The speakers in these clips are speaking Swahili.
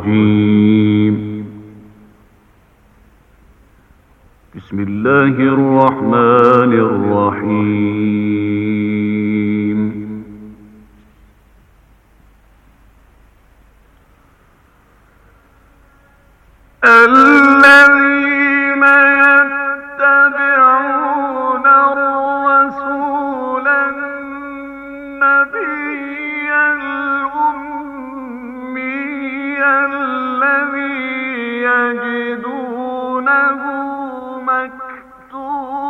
الرجيم تُؤْمِنُونَ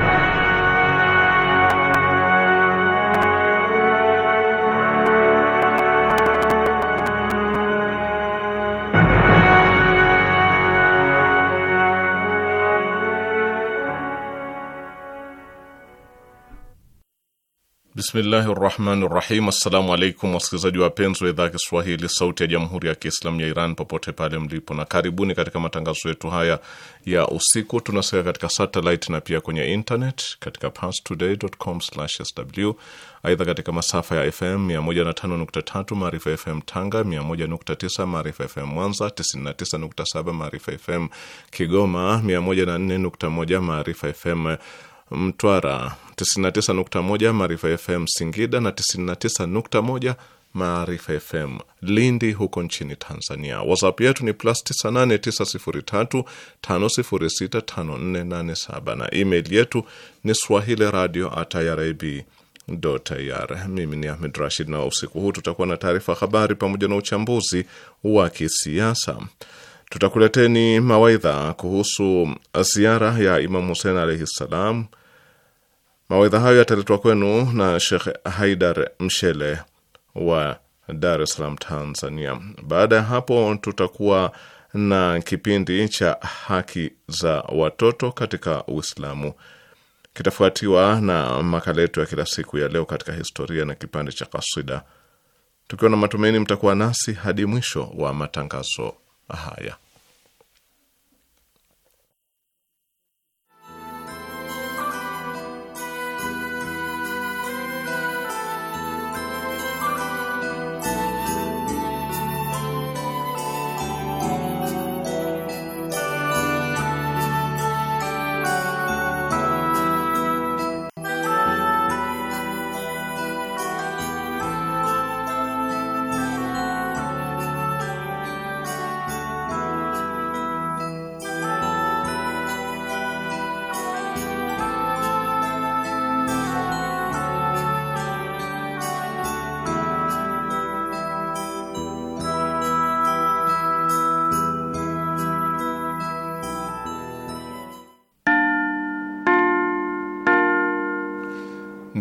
Bismillahi rahmani rahim. Assalamu alaikum wasikilizaji wapenzi wa idhaa ya Kiswahili sauti ya jamhuri ya Kiislamu ya Iran popote pale mlipo, na karibuni katika matangazo yetu haya ya usiku. Tunasikia katika satelit na pia kwenye internet katika parstoday.com/sw. Aidha, katika masafa ya FM 105.3 Maarifa FM Tanga, 101.9 Maarifa FM Mwanza, 99.7 Maarifa FM Kigoma, 104.1 Maarifa FM Mtwara, 99.1 Maarifa FM Singida na 99.1 Maarifa FM Lindi huko nchini Tanzania. WhatsApp yetu ni plus 989035065487 na email yetu ni swahili radio at irib ir. Mimi ni Ahmed Rashid, na usiku huu tutakuwa na taarifa habari pamoja na uchambuzi wa kisiasa. Tutakuleteni mawaidha kuhusu ziara ya imam Husein alaihi ssalam Mawaidha hayo yataletwa kwenu na Shekh Haidar Mshele wa Dar es Salaam, Tanzania. Baada ya hapo, tutakuwa na kipindi cha haki za watoto katika Uislamu, kitafuatiwa na makala yetu ya kila siku ya leo katika historia na kipande cha kasida, tukiwa na matumaini mtakuwa nasi hadi mwisho wa matangazo haya.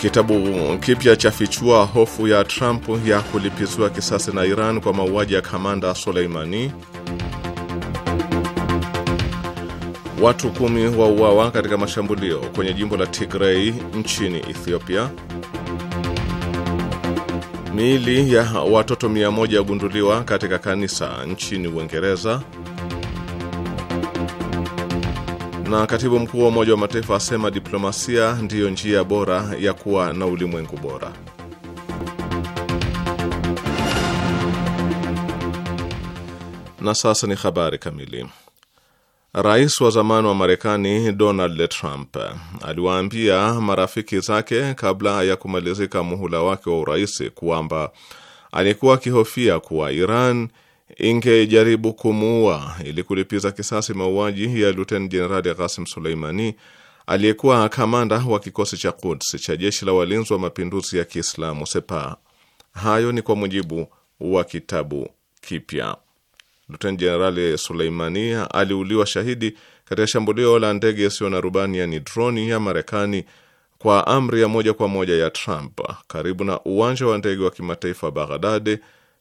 Kitabu kipya cha fichua hofu ya Trump ya kulipizwa kisasi na Iran kwa mauaji ya kamanda Soleimani. Watu kumi wauawa katika mashambulio kwenye jimbo la Tigray nchini Ethiopia. Miili ya watoto mia moja katika kanisa nchini Uingereza. Na katibu mkuu wa Umoja wa Mataifa asema diplomasia ndiyo njia bora ya kuwa na ulimwengu bora. Na sasa ni habari kamili. Rais wa zamani wa Marekani Donald Trump aliwaambia marafiki zake kabla ya kumalizika muhula wake wa urais kwamba alikuwa akihofia kuwa Iran ingejaribu kumuua ili kulipiza kisasi mauaji ya Luten Jenerali Qasim Suleimani aliyekuwa kamanda wa kikosi cha Quds cha jeshi la walinzi wa mapinduzi ya Kiislamu sepa Hayo ni kwa mujibu wa kitabu kipya. Luten Jenerali Suleimani aliuliwa shahidi katika shambulio la ndege isiyo na rubani, yani droni ya Marekani kwa amri ya moja kwa moja ya Trump karibu na uwanja wa ndege wa kimataifa baghdade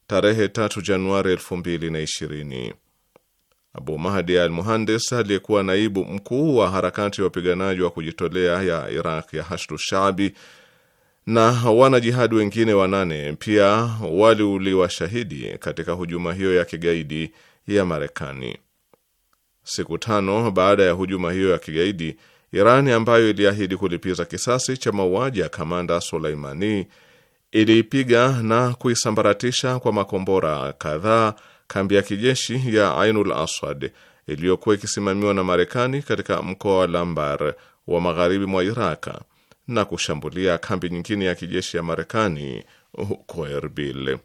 tarehe 3 Januari 2020. Abu Mahdi al Muhandis aliyekuwa naibu mkuu wa harakati ya wapiganaji wa kujitolea ya Iraq ya Hashdu Shaabi na wanajihadi wengine wanane pia waliuliwa shahidi katika hujuma hiyo ya kigaidi ya Marekani. Siku tano baada ya hujuma hiyo ya kigaidi, Irani ambayo iliahidi kulipiza kisasi cha mauaji ya kamanda Suleimani iliipiga na kuisambaratisha kwa makombora kadhaa kambi ya kijeshi ya Ainul Aswad iliyokuwa ikisimamiwa na Marekani katika mkoa wa Lambar wa magharibi mwa Iraq na kushambulia kambi nyingine ya kijeshi ya Marekani huko Erbil.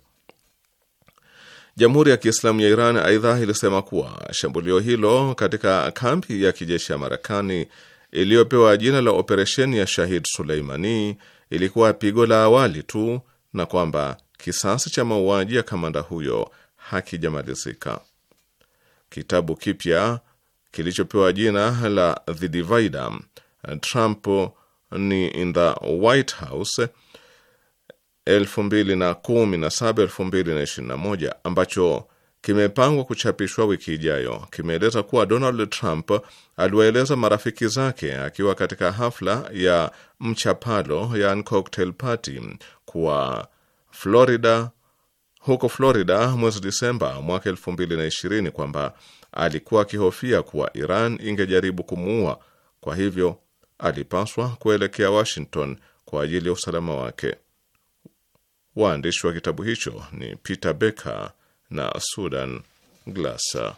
Jamhuri ya Kiislamu ya Iran aidha ilisema kuwa shambulio hilo katika kambi ya kijeshi ya Marekani iliyopewa jina la operesheni ya Shahid Suleimani ilikuwa pigo la awali tu na kwamba kisasi cha mauaji ya kamanda huyo hakijamalizika. Kitabu kipya kilichopewa jina la The Divider, Trump ni in the White House 2017-2021 ambacho kimepangwa kuchapishwa wiki ijayo, kimeeleza kuwa Donald Trump aliwaeleza marafiki zake akiwa katika hafla ya mchapalo, yani cocktail party kwa Florida, huko Florida mwezi Disemba mwaka 2020 kwamba alikuwa akihofia kuwa Iran ingejaribu kumuua, kwa hivyo alipaswa kuelekea Washington kwa ajili ya usalama wake. Waandishi wa kitabu hicho ni Peter Becker na Sudan Glasser.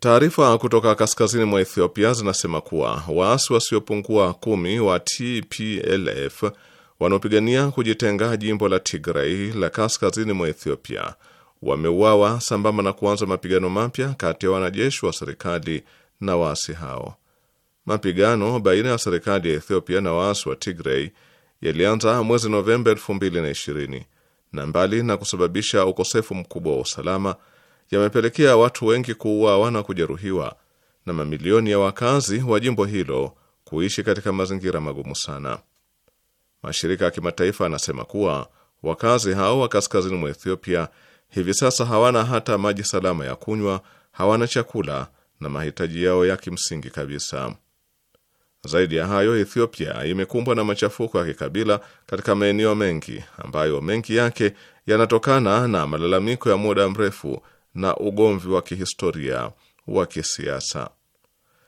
Taarifa kutoka kaskazini mwa Ethiopia zinasema kuwa waasi wasiopungua kumi wa TPLF wanaopigania kujitenga jimbo la Tigray la kaskazini mwa Ethiopia wameuawa sambamba na kuanza mapigano mapya kati ya wanajeshi wa serikali na waasi hao. Mapigano baina ya serikali ya Ethiopia na waasi wa Tigray yalianza mwezi Novemba 2020 na mbali na kusababisha ukosefu mkubwa wa usalama yamepelekea watu wengi kuuawa na kujeruhiwa na mamilioni ya wakazi wa jimbo hilo kuishi katika mazingira magumu sana. Mashirika ya kimataifa yanasema kuwa wakazi hao wa kaskazini mwa Ethiopia hivi sasa hawana hata maji salama ya kunywa, hawana chakula na mahitaji yao ya kimsingi kabisa. Zaidi ya hayo, Ethiopia imekumbwa na machafuko ya kikabila katika maeneo mengi ambayo mengi yake yanatokana na malalamiko ya muda mrefu na ugomvi wa kihistoria wa kisiasa.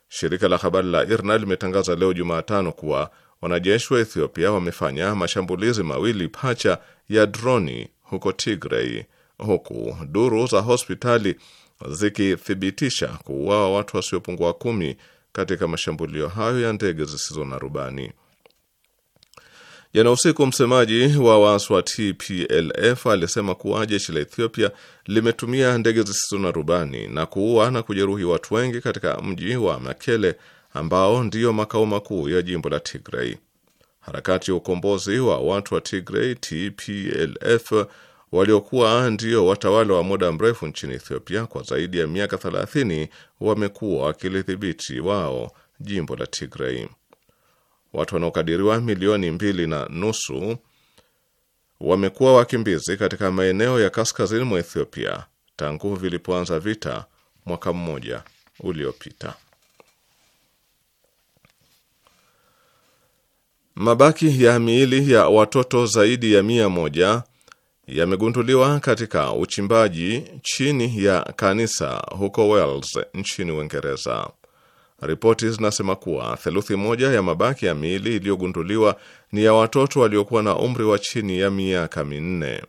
Shirika la habari la IRNA limetangaza leo Jumatano kuwa wanajeshi wa Ethiopia wamefanya mashambulizi mawili pacha ya droni huko Tigray, huku duru za hospitali zikithibitisha kuuawa watu wasiopungua kumi katika mashambulio hayo ya ndege zisizo na rubani. Jana usiku msemaji wa waasi wa TPLF alisema kuwa jeshi la Ethiopia limetumia ndege zisizo na rubani na kuua na kujeruhi watu wengi katika mji wa Mekele ambao ndiyo makao makuu ya jimbo la tigrei Harakati ya ukombozi wa watu wa Tigrei, TPLF waliokuwa ndio watawala wa muda mrefu nchini Ethiopia kwa zaidi ya miaka 30 wamekuwa wakilidhibiti wao jimbo la tigrei Watu wanaokadiriwa milioni mbili na nusu wamekuwa wakimbizi katika maeneo ya kaskazini mwa Ethiopia tangu vilipoanza vita mwaka mmoja uliopita. Mabaki ya miili ya watoto zaidi ya mia moja yamegunduliwa katika uchimbaji chini ya kanisa huko Wales nchini Uingereza. Ripoti zinasema kuwa theluthi moja ya mabaki ya miili iliyogunduliwa ni ya watoto waliokuwa na umri wa chini ya miaka minne.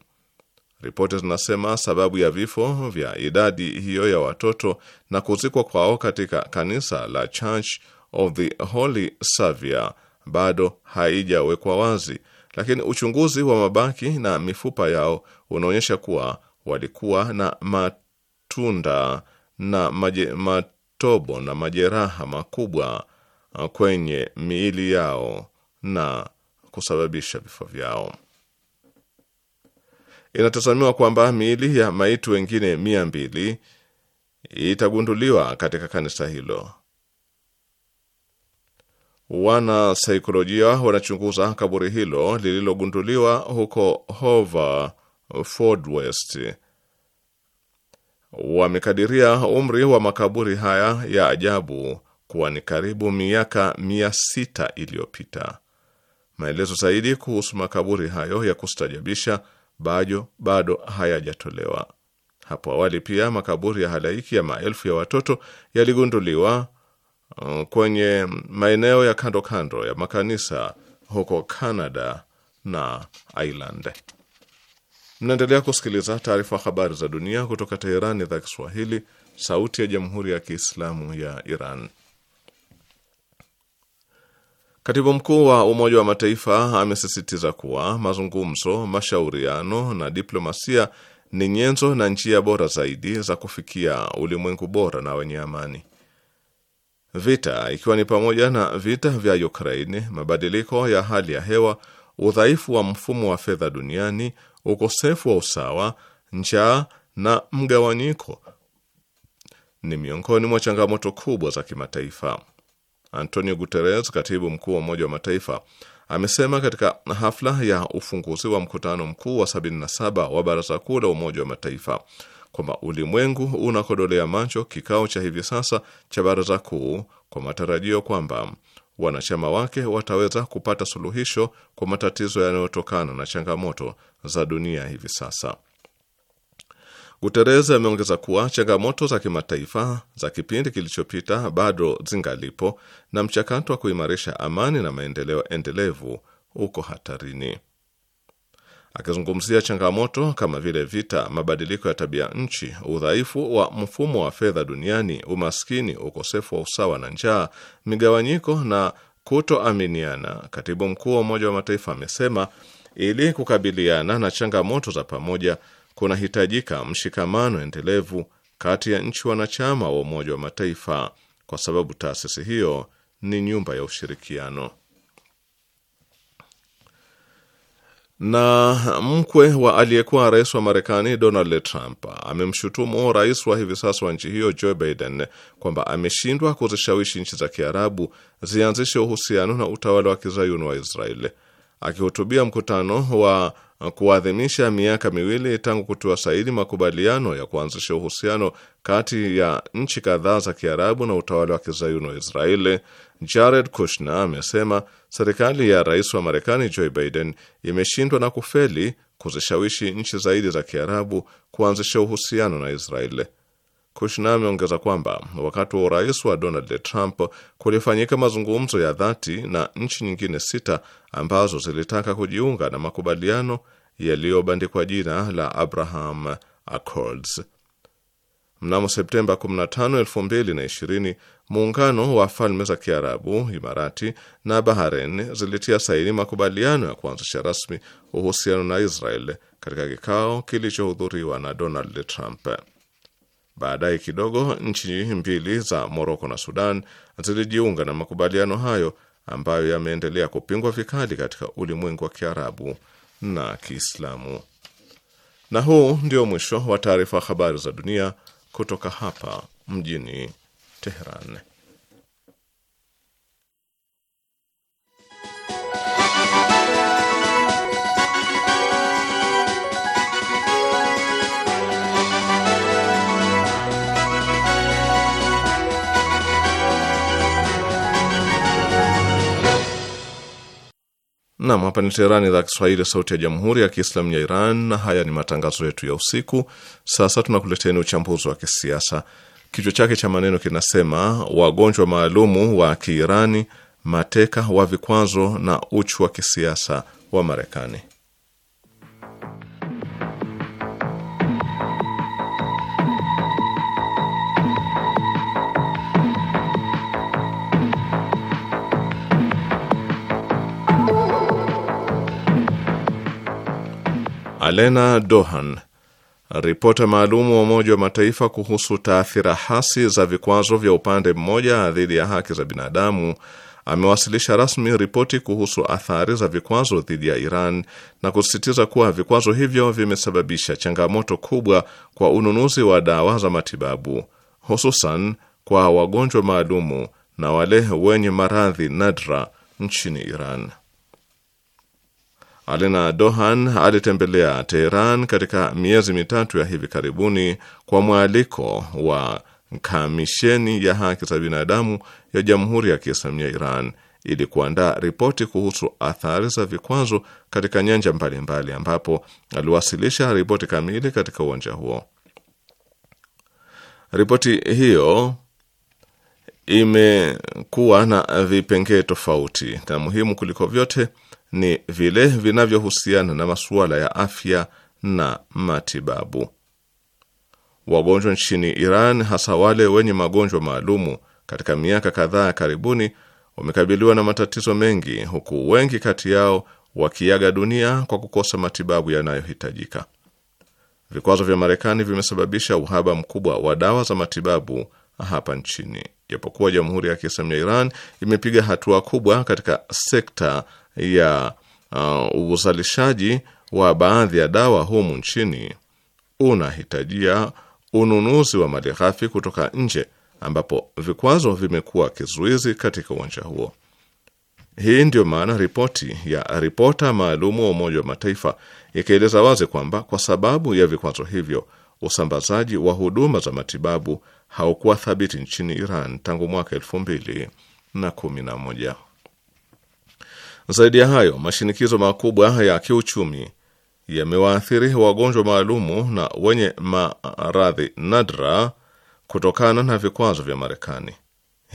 Ripoti zinasema sababu ya vifo vya idadi hiyo ya watoto na kuzikwa kwao katika kanisa la Church of the Holy Saviour bado haijawekwa wazi, lakini uchunguzi wa mabaki na mifupa yao unaonyesha kuwa walikuwa na matunda na maje, mat tobo na majeraha makubwa uh, kwenye miili yao na kusababisha vifo vyao. Inatazamiwa kwamba miili ya maiti wengine mia mbili itagunduliwa katika kanisa hilo. Wanasaikolojia wanachunguza kaburi hilo lililogunduliwa huko Hova Ford wamekadiria umri wa makaburi haya ya ajabu kuwa ni karibu miaka mia sita iliyopita. Maelezo zaidi kuhusu makaburi hayo ya kustajabisha bado bado hayajatolewa. Hapo awali pia makaburi ya halaiki ya maelfu ya watoto yaligunduliwa uh, kwenye maeneo ya kando kando ya makanisa huko Canada na Ireland. Mnaendelea kusikiliza taarifa habari za dunia kutoka Teherani, idhaa Kiswahili, sauti ya jamhuri ya kiislamu ya Iran. Katibu mkuu wa Umoja wa Mataifa amesisitiza kuwa mazungumzo, mashauriano na diplomasia ni nyenzo na njia bora zaidi za kufikia ulimwengu bora na wenye amani. Vita ikiwa ni pamoja na vita vya Ukraini, mabadiliko ya hali ya hewa, udhaifu wa mfumo wa fedha duniani, ukosefu wa usawa, njaa na mgawanyiko ni miongoni mwa changamoto kubwa za kimataifa. Antonio Guterres, katibu mkuu wa Umoja wa Mataifa, amesema katika hafla ya ufunguzi wa mkutano mkuu wa 77 wa Baraza Kuu la Umoja wa Mataifa kwamba ulimwengu unakodolea macho kikao cha hivi sasa cha Baraza Kuu kwa matarajio kwamba wanachama wake wataweza kupata suluhisho kwa matatizo yanayotokana na changamoto za dunia hivi sasa. Guterres ameongeza kuwa changamoto za kimataifa za kipindi kilichopita bado zingalipo na mchakato wa kuimarisha amani na maendeleo endelevu uko hatarini. Akizungumzia changamoto kama vile vita, mabadiliko ya tabia nchi, udhaifu wa mfumo wa fedha duniani, umaskini, ukosefu wa usawa na njaa, migawanyiko na kutoaminiana, katibu mkuu wa Umoja wa Mataifa amesema ili kukabiliana na changamoto za pamoja, kunahitajika mshikamano endelevu kati ya nchi wanachama wa Umoja wa Mataifa, kwa sababu taasisi hiyo ni nyumba ya ushirikiano. Na mkwe wa aliyekuwa rais wa Marekani Donald Trump amemshutumu rais wa hivi sasa wa nchi hiyo Joe Biden kwamba ameshindwa kuzishawishi nchi za Kiarabu zianzishe uhusiano na utawala wa kizayuni wa Israeli. Akihutubia mkutano wa kuadhimisha miaka miwili tangu kutiwa saini makubaliano ya kuanzisha uhusiano kati ya nchi kadhaa za Kiarabu na utawala wa kizayuni wa Israeli, Jared Kushner amesema serikali ya rais wa Marekani Joe Biden imeshindwa na kufeli kuzishawishi nchi zaidi za Kiarabu kuanzisha uhusiano na Israeli. Kushna ameongeza kwamba wakati wa urais wa Donald Trump kulifanyika mazungumzo ya dhati na nchi nyingine sita ambazo zilitaka kujiunga na makubaliano yaliyobandikwa jina la Abraham Accords. Mnamo Septemba 15, 2020 muungano wa falme za Kiarabu, Imarati na Bahrain zilitia saini makubaliano ya kuanzisha rasmi uhusiano na Israel katika kikao kilichohudhuriwa na Donald Trump. Baadaye kidogo nchi mbili za Moroko na Sudan zilijiunga na makubaliano hayo ambayo yameendelea kupingwa vikali katika ulimwengu wa Kiarabu na Kiislamu. Na huu ndio mwisho wa taarifa habari za dunia kutoka hapa mjini Teheran. Nam, hapa ni Teherani, idhaa Kiswahili, sauti ya jamhuri ya kiislamu ya Iran, na haya ni matangazo yetu ya usiku. Sasa tunakuleteni uchambuzi wa kisiasa, kichwa chake cha maneno kinasema: wagonjwa maalumu wa Kiirani, mateka wa vikwazo na uchu wa kisiasa wa Marekani. Alena Dohan, ripota maalumu wa Umoja wa Mataifa kuhusu taathira hasi za vikwazo vya upande mmoja dhidi ya haki za binadamu amewasilisha rasmi ripoti kuhusu athari za vikwazo dhidi ya Iran na kusisitiza kuwa vikwazo hivyo vimesababisha changamoto kubwa kwa ununuzi wa dawa za matibabu, hususan kwa wagonjwa maalumu na wale wenye maradhi nadra nchini Iran. Alina Dohan alitembelea Teheran katika miezi mitatu ya hivi karibuni kwa mwaliko wa Kamisheni ya Haki za Binadamu ya Jamhuri ya Kiislamu ya Iran ili kuandaa ripoti kuhusu athari za vikwazo katika nyanja mbalimbali mbali, ambapo aliwasilisha ripoti kamili katika uwanja huo. Ripoti hiyo imekuwa na vipengee tofauti na muhimu kuliko vyote ni vile vinavyohusiana na masuala ya afya na matibabu. Wagonjwa nchini Iran, hasa wale wenye magonjwa maalumu, katika miaka kadhaa karibuni wamekabiliwa na matatizo mengi, huku wengi kati yao wakiaga dunia kwa kukosa matibabu yanayohitajika. Vikwazo vya Marekani vimesababisha uhaba mkubwa wa dawa za matibabu hapa nchini. Japokuwa Jamhuri ya Kiislamu ya Iran imepiga hatua kubwa katika sekta ya uh, uzalishaji wa baadhi ya dawa humu nchini unahitajia ununuzi wa mali ghafi kutoka nje, ambapo vikwazo vimekuwa kizuizi katika uwanja huo. Hii ndiyo maana ripoti ya ripota maalumu wa Umoja wa Mataifa ikieleza wazi kwamba kwa sababu ya vikwazo hivyo usambazaji wa huduma za matibabu haukuwa thabiti nchini Iran tangu mwaka elfu mbili na kumi na moja. Zaidi ya hayo, mashinikizo makubwa ya kiuchumi yamewaathiri wagonjwa maalumu na wenye maradhi nadra kutokana na vikwazo vya Marekani.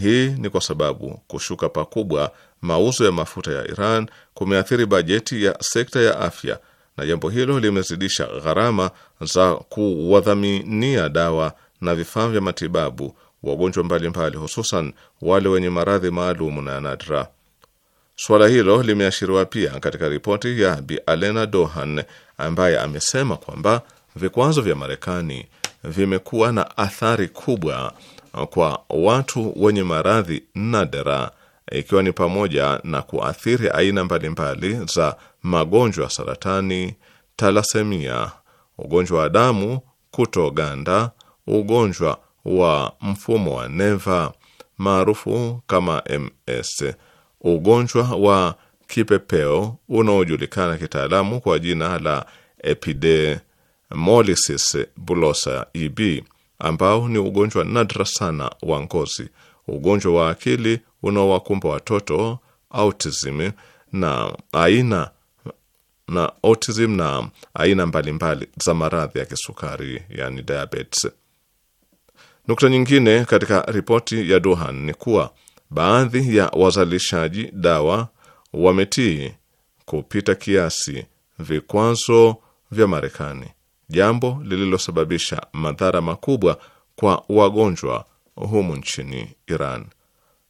Hii ni kwa sababu kushuka pakubwa mauzo ya mafuta ya Iran kumeathiri bajeti ya sekta ya afya, na jambo hilo limezidisha gharama za kuwadhaminia dawa na vifaa vya matibabu wagonjwa mbalimbali, hususan wale wenye maradhi maalumu na nadra. Suala hilo limeashiriwa pia katika ripoti ya Bi Alena Dohan ambaye amesema kwamba vikwazo vya Marekani vimekuwa na athari kubwa kwa watu wenye maradhi nadra ikiwa ni pamoja na kuathiri aina mbalimbali za magonjwa saratani, talasemia, ugonjwa wa damu kutoganda, ugonjwa wa mfumo wa neva maarufu kama MS Ugonjwa wa kipepeo unaojulikana kitaalamu kwa jina la epidemolysis bullosa EB, ambao ni ugonjwa nadra sana wa ngozi, ugonjwa wa akili unaowakumba watoto autism na aina na autism na aina mbalimbali za maradhi ya kisukari yani diabetes. Nukta nyingine katika ripoti ya Duhan ni kuwa baadhi ya wazalishaji dawa wametii kupita kiasi vikwazo vya Marekani, jambo lililosababisha madhara makubwa kwa wagonjwa humu nchini Iran.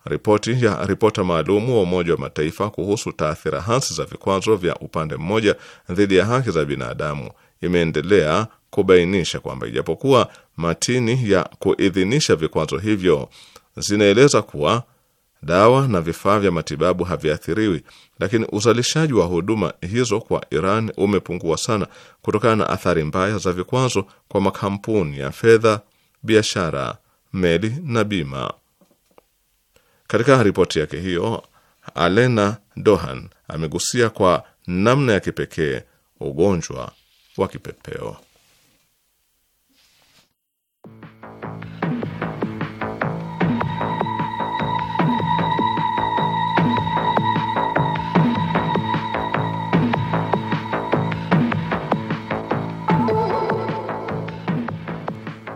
Ripoti ya ripota maalumu wa Umoja wa Mataifa kuhusu taathira hasi za vikwazo vya upande mmoja dhidi ya haki za binadamu imeendelea kubainisha kwamba ijapokuwa matini ya kuidhinisha vikwazo hivyo zinaeleza kuwa dawa na vifaa vya matibabu haviathiriwi, lakini uzalishaji wa huduma hizo kwa Iran umepungua sana kutokana na athari mbaya za vikwazo kwa makampuni ya fedha, biashara, meli na bima. Katika ripoti yake hiyo, Alena Dohan amegusia kwa namna ya kipekee ugonjwa wa kipepeo.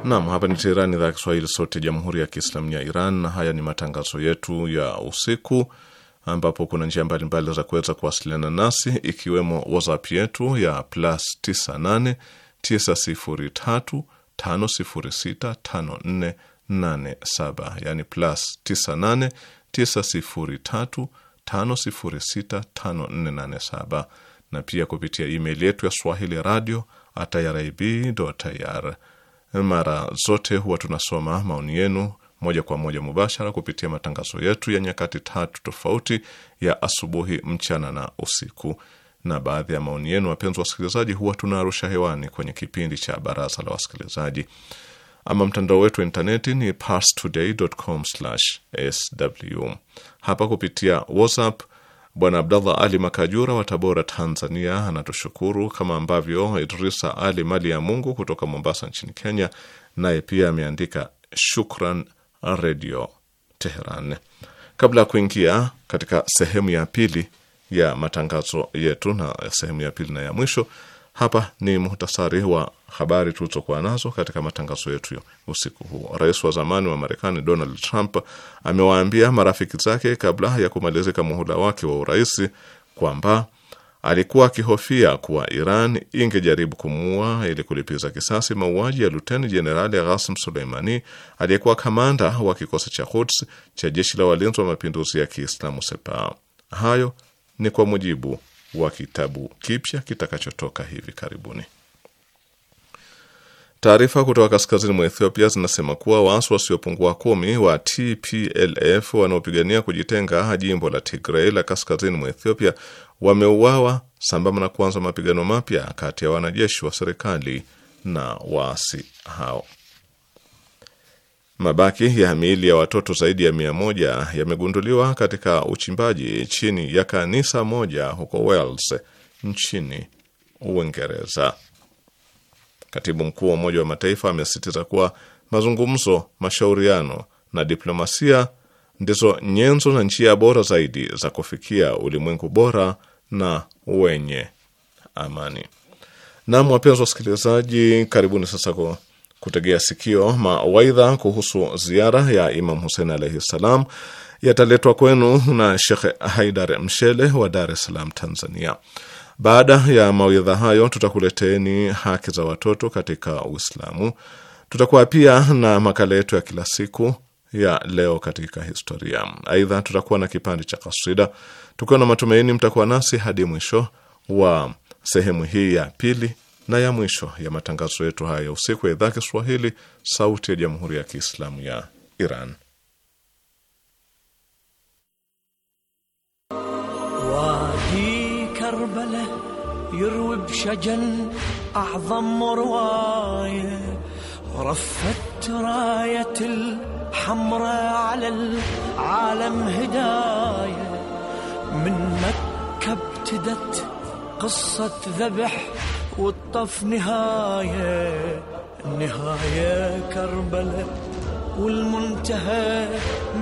Nam, hapa ni Teherani, idhaa ya Kiswahili, sote jamhuri ya kiislamu ya Iran, na haya ni matangazo yetu ya usiku, ambapo kuna njia mbalimbali za kuweza kuwasiliana nasi, ikiwemo WhatsApp yetu ya plus 98 903 506 yani plus 98 na pia kupitia email yetu ya swahili radio at irib.ir mara zote huwa tunasoma maoni yenu moja kwa moja mubashara kupitia matangazo yetu ya nyakati tatu tofauti ya asubuhi, mchana na usiku. Na baadhi ya maoni yenu, wapenzi wasikilizaji, huwa tunaarusha hewani kwenye kipindi cha baraza la wasikilizaji. Ama mtandao wetu wa intaneti ni parstoday.com/sw. Hapa kupitia WhatsApp Bwana Abdallah Ali Makajura wa Tabora, Tanzania, anatushukuru kama ambavyo Idrisa Ali Mali ya Mungu kutoka Mombasa nchini Kenya naye pia ameandika shukran Redio Teheran. Kabla ya kuingia katika sehemu ya pili ya matangazo yetu na sehemu ya pili na ya mwisho hapa ni muhtasari wa habari tulizokuwa nazo katika matangazo yetu usiku huu. Rais wa zamani wa Marekani Donald Trump amewaambia marafiki zake kabla ya kumalizika muhula wake wa urais kwamba alikuwa akihofia kuwa Iran ingejaribu kumuua ili kulipiza kisasi mauaji ya luteni jenerali Ghasim Suleimani aliyekuwa kamanda wa kikosi cha Quds cha jeshi la walinzi wa mapinduzi ya Kiislamu Sepah. Hayo ni kwa mujibu wa kitabu kipya kitakachotoka hivi karibuni. Taarifa kutoka kaskazini mwa Ethiopia zinasema kuwa waasi wasiopungua kumi wa TPLF wanaopigania kujitenga jimbo la Tigrei la kaskazini mwa Ethiopia wameuawa sambamba na kuanza mapigano mapya kati ya wanajeshi wa serikali na waasi hao. Mabaki ya miili ya watoto zaidi ya mia moja yamegunduliwa katika uchimbaji chini ya kanisa moja huko Wales nchini Uingereza. Katibu mkuu wa Umoja wa Mataifa amesisitiza kuwa mazungumzo, mashauriano na diplomasia ndizo nyenzo na njia bora zaidi za kufikia ulimwengu bora na wenye amani. Naam, wapenzi wasikilizaji, karibuni sasa kwa kutegea sikio mawaidha kuhusu ziara ya Imam Husein alaihi ssalam yataletwa kwenu na Shekh Haidar Mshele wa Dar es Salaam, Tanzania. Baada ya mawaidha hayo, tutakuleteni haki za watoto katika Uislamu. Tutakuwa pia na makala yetu ya kila siku ya leo katika historia. Aidha, tutakuwa na kipande cha kasida, tukiwa na matumaini mtakuwa nasi hadi mwisho wa sehemu hii ya pili na ya mwisho ya matangazo yetu haya ya usiku ya idhaa Kiswahili sauti ya jamhuri ya Kiislamu ya Iran. Wadi Karbala yurwi bshajan ala min makka btidat والطف نهاية النهاية كربلة والمنتهى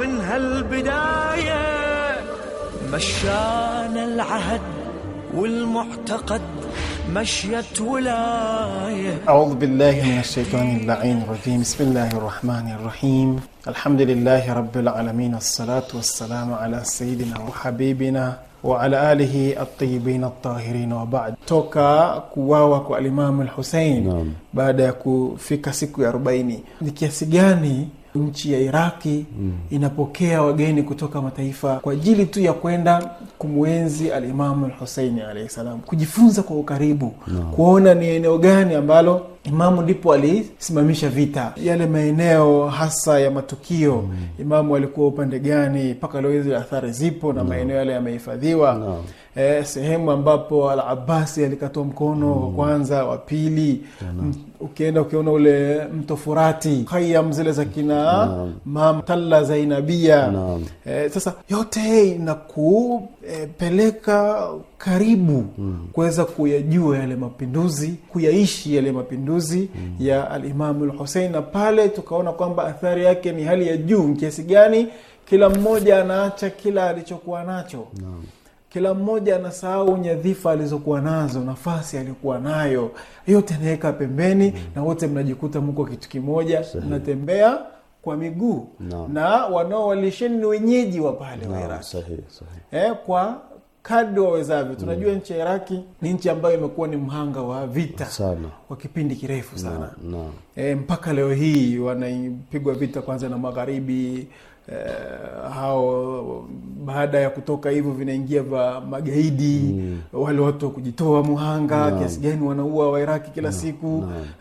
من هالبداية مشانا العهد والمعتقد مشيت ولاية أعوذ بالله من الشيطان اللعين الرجيم بسم الله الرحمن الرحيم الحمد لله رب العالمين الصلاة والسلام على سيدنا وحبيبنا wa ala alihi atayibin atahirin wa ba'd. Toka kuwawa kwa Alimamu lhusein baada ya kufika siku ya arobaini, ni kiasi gani nchi ya Iraki mm. inapokea wageni kutoka mataifa kwa ajili tu ya kwenda kumwenzi Alimamu al-Husein salam, kujifunza kwa ukaribu no. kuona ni eneo gani ambalo Imamu ndipo alisimamisha vita yale maeneo hasa ya matukio mm. Imamu alikuwa upande gani? Mpaka leo hizi athari zipo na no. maeneo yale yamehifadhiwa no. Eh, sehemu ambapo Al Abasi alikatwa mkono wa mm. kwanza wa pili Ukienda ukiona ule mto Furati, hayam zile za kina no. Talla Zainabia no. Eh, sasa yote inaku eh, karibu mm. kuweza kuyajua yale mapinduzi, kuyaishi yale mapinduzi mm. ya Alimamu Lhusein, na pale tukaona kwamba athari yake ni hali ya juu kiasi gani kila mmoja anaacha kila alichokuwa nacho no. Kila mmoja anasahau nyadhifa alizokuwa nazo, nafasi aliyokuwa nayo, yote anaweka pembeni mm. na wote mnajikuta mko kitu kimoja, mnatembea kwa miguu no. na wanaowalisheni ni wenyeji wa pale no, iraki eh, kwa kadri wawezavyo. Tunajua mm. nchi ya Iraki ni nchi ambayo imekuwa ni mhanga wa vita sana kwa kipindi kirefu sana no, no. E, mpaka leo hii wanapigwa vita kwanza na magharibi e, hao baada ya kutoka hivyo vinaingia vya magaidi mm. wale watu wa kujitoa muhanga no. kiasi gani wanaua Wairaki kila no, siku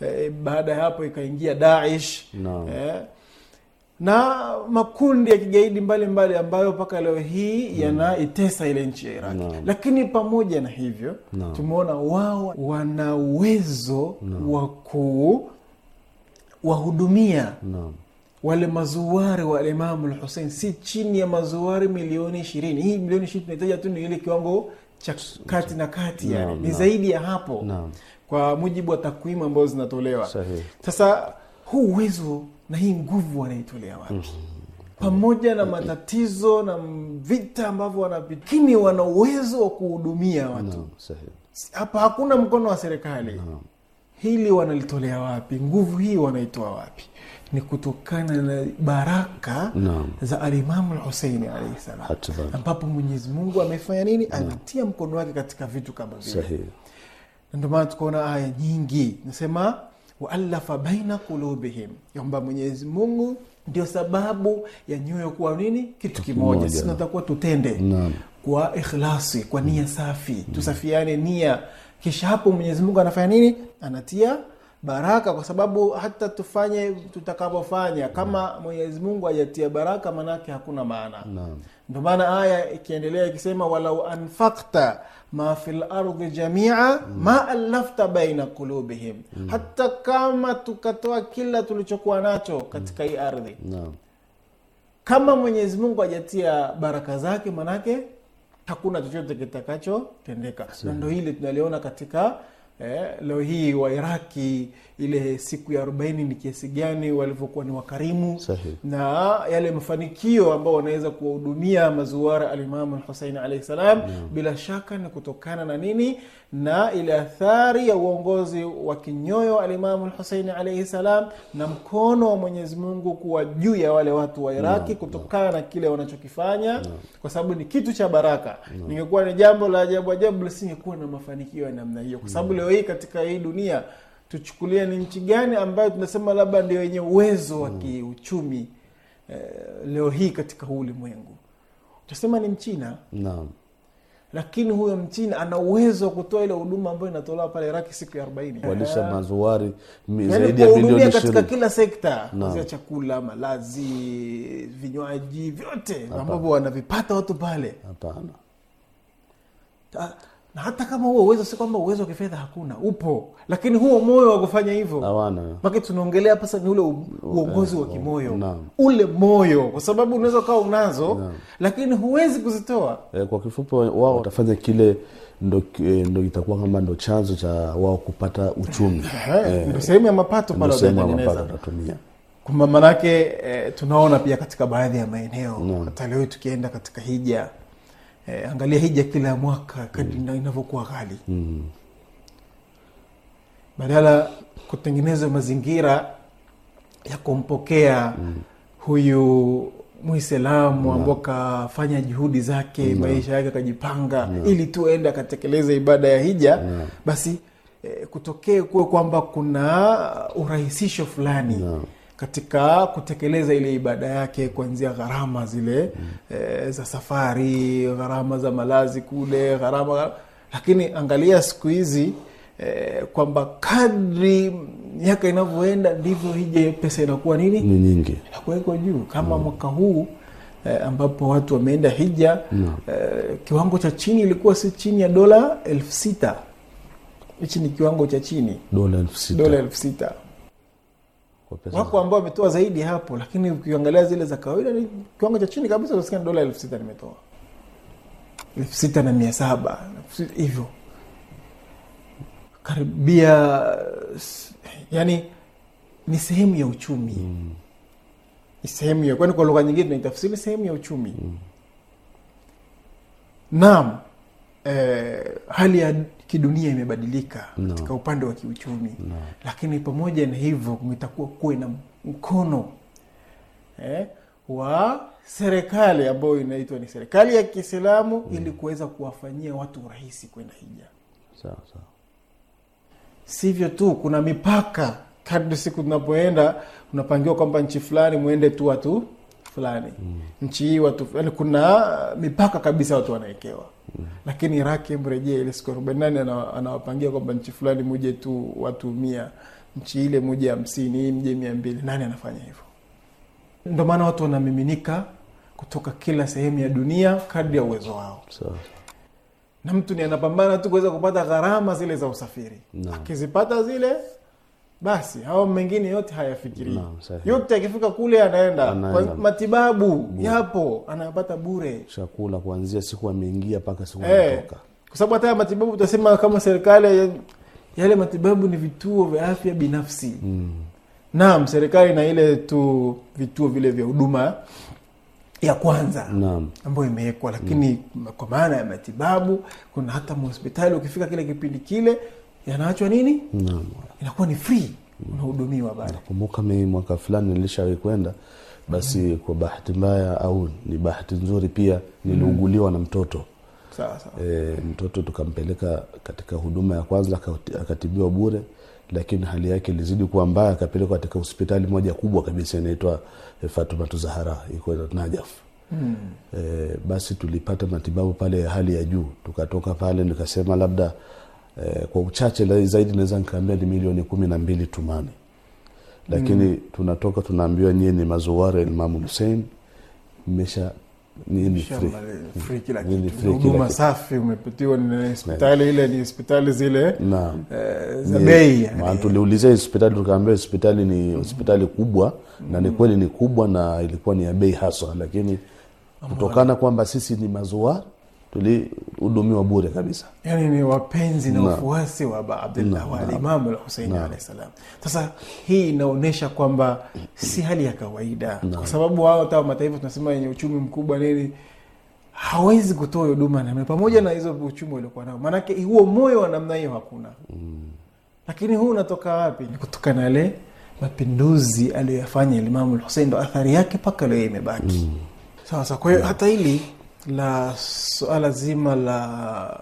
no. E, baada ya hapo ikaingia Daesh no. e, na makundi ya kigaidi mbalimbali mbali ambayo mpaka leo hii mm. yanaitesa ile nchi ya Iraki no. Lakini pamoja na hivyo no. tumeona wao wana uwezo no. wa kuwahudumia no. wale mazuari wa Alimamu Lhusein si chini ya mazuari milioni ishirini. Hii milioni ishirini tunahitaja tu ni ile kiwango cha kati na kati no, yani ni no. zaidi ya hapo no. kwa mujibu wa takwimu ambazo zinatolewa. Sasa huu uwezo na hii nguvu wanaitolea wapi? mm-hmm pamoja na matatizo na vita ambavyo wanavikini, wana uwezo wa kuhudumia watu hapa. Hakuna mkono wa serikali hili, wanalitolea wapi? Nguvu hii wanaitoa wapi? Ni kutokana na baraka no. za Alimamu Lhuseini alaihi salam, ambapo Mwenyezi Mungu amefanya nini? No. anatia mkono wake katika vitu kama vile, ndio maana tukaona aya nyingi nasema waalafa baina kulubihim, kwamba Mwenyezi Mungu ndio sababu ya nyoyo kuwa nini kitu kimoja. Sisi natakuwa tutende na kwa ikhlasi, kwa nia mm. safi, mm. tusafiane nia, kisha hapo Mwenyezi Mungu anafanya nini? Anatia baraka kwa sababu hata tufanye tutakavyofanya, kama Mwenyezi Mungu baraka, maanake hakuna maana. na ndio maana aya ikiendelea ikisema walau anfakta ma fi lardhi jamia ma alafta baina qulubihim mm. hata kama tukatoa kila tulichokuwa nacho katika mm. hii ardhi no. kama mwenyezi mungu baraka zake manake hakuna chochote kitakachotendeka na ndo hili tunaliona katika Eh, leo hii Iraki ile siku ya arobaini ni kiasi gani walivyokuwa ni wakarimu Sahih. na yale mafanikio ambao wanaweza kuwahudumia mazuara alimamu Alhusein alaihi salam mm. bila shaka ni kutokana na nini na ile athari ya uongozi wa kinyoyo alimamu Alhusein alaihi salam na mkono wa Mwenyezi Mungu kuwa juu ya wale watu wa Iraki no, mm. kutokana no. na kile wanachokifanya no. Mm. kwa sababu ni kitu cha baraka no. Mm. ningekuwa ni jambo la ajabu ajabu, lasingekuwa na mafanikio ya namna hiyo kwa sababu no leo hii katika hii dunia tuchukulie ni nchi gani ambayo tunasema labda ndio yenye uwezo wa mm. kiuchumi eh, leo hii katika huu ulimwengu utasema ni mchina naam lakini huyo mchina ana uwezo wa kutoa ile huduma ambayo inatolewa pale iraki siku ya arobaini kualisha mazuari yaani zaidi ya milioni katika kila sekta kuzia chakula malazi vinywaji vyote ambavyo wanavipata watu pale hapana na hata kama huo uwezo si kwamba uwezo wa kifedha hakuna upo lakini huo moyo wa kufanya hivyo make tunaongelea pasa ni ule uongozi wa eh, kimoyo ule moyo kwa sababu unaweza ukawa unazo na. lakini huwezi kuzitoa e, kwa kifupi wao watafanya kile ndo, eh, ndo itakuwa kama ndo chanzo cha wao kupata uchumi e, ndo sehemu ya mapato pale kwamba manake e, tunaona pia katika baadhi ya maeneo hata leo tukienda katika hija eh, angalia hija kila mwaka kadi mm. inavyokuwa ghali mm. badala kutengeneza mazingira ya kumpokea mm. huyu mwislamu mm. ambao no. kafanya juhudi zake no. Mm. maisha yake akajipanga no. Mm. ili tu enda akatekeleza ibada ya hija no. basi eh, kutokee kuwe kwamba kuna urahisisho fulani no katika kutekeleza ile ibada yake kuanzia gharama zile mm. e, za safari gharama za malazi kule gharama lakini angalia siku hizi e, kwamba kadri miaka inavyoenda ndivyo hije pesa inakuwa nini ni nyingi juu kama mm. mwaka huu e, ambapo watu wameenda hija mm. e, kiwango cha chini ilikuwa si chini ya dola elfu sita hichi ni kiwango cha chini dola elfu sita wako ambao wametoa zaidi hapo, lakini ukiangalia zile za kawaida ni kiwango cha chini kabisa. Utasikia dola elfu sita nimetoa elfu sita na mia saba hivyo karibia, yani ni sehemu ya uchumi mm. sehemu ya kwani, kwa lugha nyingine tunaitafsiri sehemu ya uchumi mm. Naam, eh, hali ya kidunia imebadilika no. katika upande wa kiuchumi no. lakini pamoja na hivyo itakuwa kuwe na mkono eh, wa serikali ambayo inaitwa ni serikali ya Kiislamu mm. ili kuweza kuwafanyia watu urahisi kwenda hija sawa sawa. Sivyo tu kuna mipaka, kadri siku tunapoenda unapangiwa kwamba nchi fulani mwende tu watu fulani mm. nchi hii watu yani kuna mipaka kabisa watu wanawekewa mm. lakini iraki mrejee ile siku arobaini nane anawapangia kwamba nchi fulani muje tu watu mia nchi ile muje hamsini hii mje mia mbili nani anafanya hivyo ndio maana watu wanamiminika kutoka kila sehemu ya dunia kadri ya uwezo wao so. na mtu ni anapambana tu kuweza kupata gharama zile za usafiri no. akizipata zile basi hao mengine yote hayafikirii yote akifika kule anaenda, anaenda. Kwa matibabu Bure. yapo anayapata bure chakula kuanzia siku ameingia mpaka siku eh, anatoka e, kwa sababu hata matibabu utasema kama serikali yale matibabu ni vituo vya afya binafsi mm. naam serikali na ile tu vituo vile vya huduma ya kwanza ambayo imewekwa lakini mm. kwa maana ya matibabu kuna hata mahospitali ukifika kile kipindi kile yanaachwa nini, naam, inakuwa ni free, unahudumiwa Nakumbuka mwaka fulani nilishawai kwenda basi mm. Kwa bahati mbaya au ni bahati nzuri pia niliuguliwa mm. na mtoto sawa sawa. E, mtoto tukampeleka katika huduma ya kwanza akatibiwa bure, lakini hali yake ilizidi kuwa mbaya, akapelekwa katika hospitali moja kubwa kabisa inaitwa e, Fatumatu Zahara iko Najaf mm. E, basi tulipata matibabu pale ya hali ya juu, tukatoka pale nikasema labda Eh, kwa uchache zaidi naweza nikaambia ni milioni kumi na mbili tumani lakini mm. tunatoka tunaambiwa nyie ni mazuwara Imamu husein mmesha mm. huduma safi umepitiwa ni hospitali ile ni hospitali zile eh, za hospitali tukaambia hospitali ni hospitali kubwa mm. na ni mm. kweli ni kubwa na ilikuwa ni ya bei haswa lakini kutokana kwamba sisi ni mazuwara tulihudumiwa bure kabisa yani ni wapenzi na wafuasi wa abdullahwalimamu al huseini alahi salam sasa hii inaonyesha kwamba si hali ya kawaida na. kwa sababu wao hata mataifa tunasema yenye uchumi mkubwa nini hawezi kutoa huduma nam pamoja na hizo uchumi waliokuwa nao maanake huo moyo wa namna hiyo hakuna mm. lakini huu unatoka wapi ni kutoka na yale mapinduzi aliyoyafanya limamu lhusein ndo athari yake mpaka leo imebaki mm. sasa kwa hiyo yeah. Mm. hata hili la suala zima la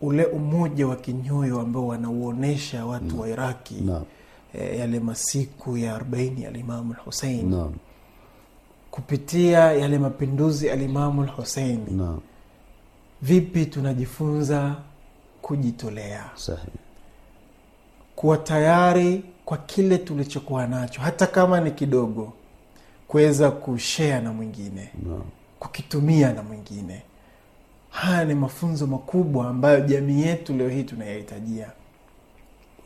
ule umoja wa kinyoyo ambao wanauonyesha watu wa mm. Iraki E, yale masiku ya arobaini ya limamu Lhusein kupitia yale mapinduzi ya limamu Lhusein, vipi tunajifunza kujitolea Sahi. kuwa tayari kwa kile tulichokuwa nacho hata kama ni kidogo, kuweza kushea na mwingine na kukitumia na mwingine. Haya ni mafunzo makubwa ambayo jamii yetu leo hii tunayahitajia.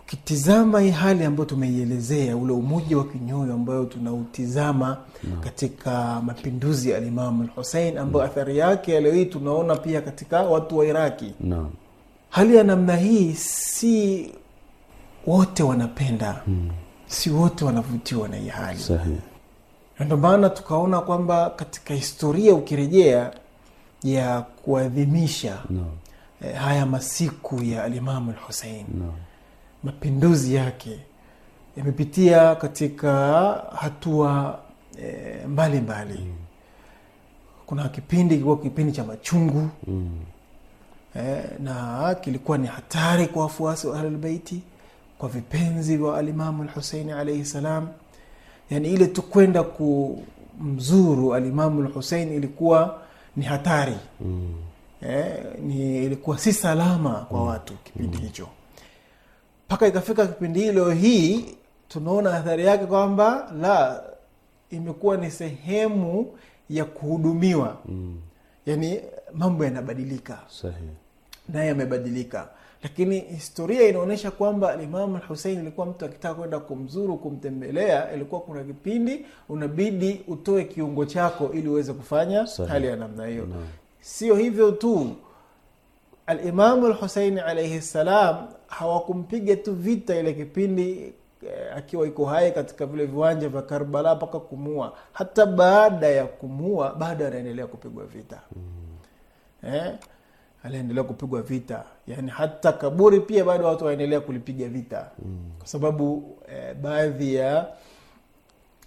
Ukitizama hii hali ambayo tumeielezea, ule umoja wa kinyoyo ambayo tunautizama no. Mm. katika mapinduzi ya Alimamu Lhusein ambayo no. Mm. athari yake leo hii tunaona pia katika watu wa Iraki no. hali ya namna hii, si wote wanapenda mm. si wote wanavutiwa na hii hali Sahi na ndio maana tukaona kwamba katika historia ukirejea ya kuadhimisha no. eh, haya masiku ya alimamu Lhusein no. mapinduzi yake yamepitia katika hatua eh, mbalimbali eh, mbali. mm. kuna kipindi kilikuwa kipindi cha machungu mm. eh, na kilikuwa ni hatari kwa wafuasi wa ahlulbeiti kwa vipenzi wa alimamu lhusein alaihi salam yani ile tu kwenda kumzuru alimamu lhusein ilikuwa ni hatari mm. eh, ni ilikuwa si salama kwa mm. watu mm. kipindi mm. hicho mpaka ikafika kipindi hilo hii tunaona athari yake kwamba la imekuwa ni sehemu ya kuhudumiwa mm. yani mambo yanabadilika naye yamebadilika lakini historia inaonyesha kwamba limamu lhusein ilikuwa mtu akitaka kwenda kumzuru, kumtembelea, ilikuwa kuna kipindi unabidi utoe kiungo chako ili uweze kufanya Sahi. hali ya namna hiyo no. Sio hivyo tu, Alimamu lhuseini alaihi ssalam hawakumpiga tu vita ile kipindi eh, akiwa iko hai katika vile viwanja vya Karbala mpaka kumua. Hata baada ya kumua bado anaendelea kupigwa vita mm. eh? aliendelea kupigwa vita, yani hata kaburi pia bado watu waendelea kulipiga vita mm. kwa sababu eh, baadhi ya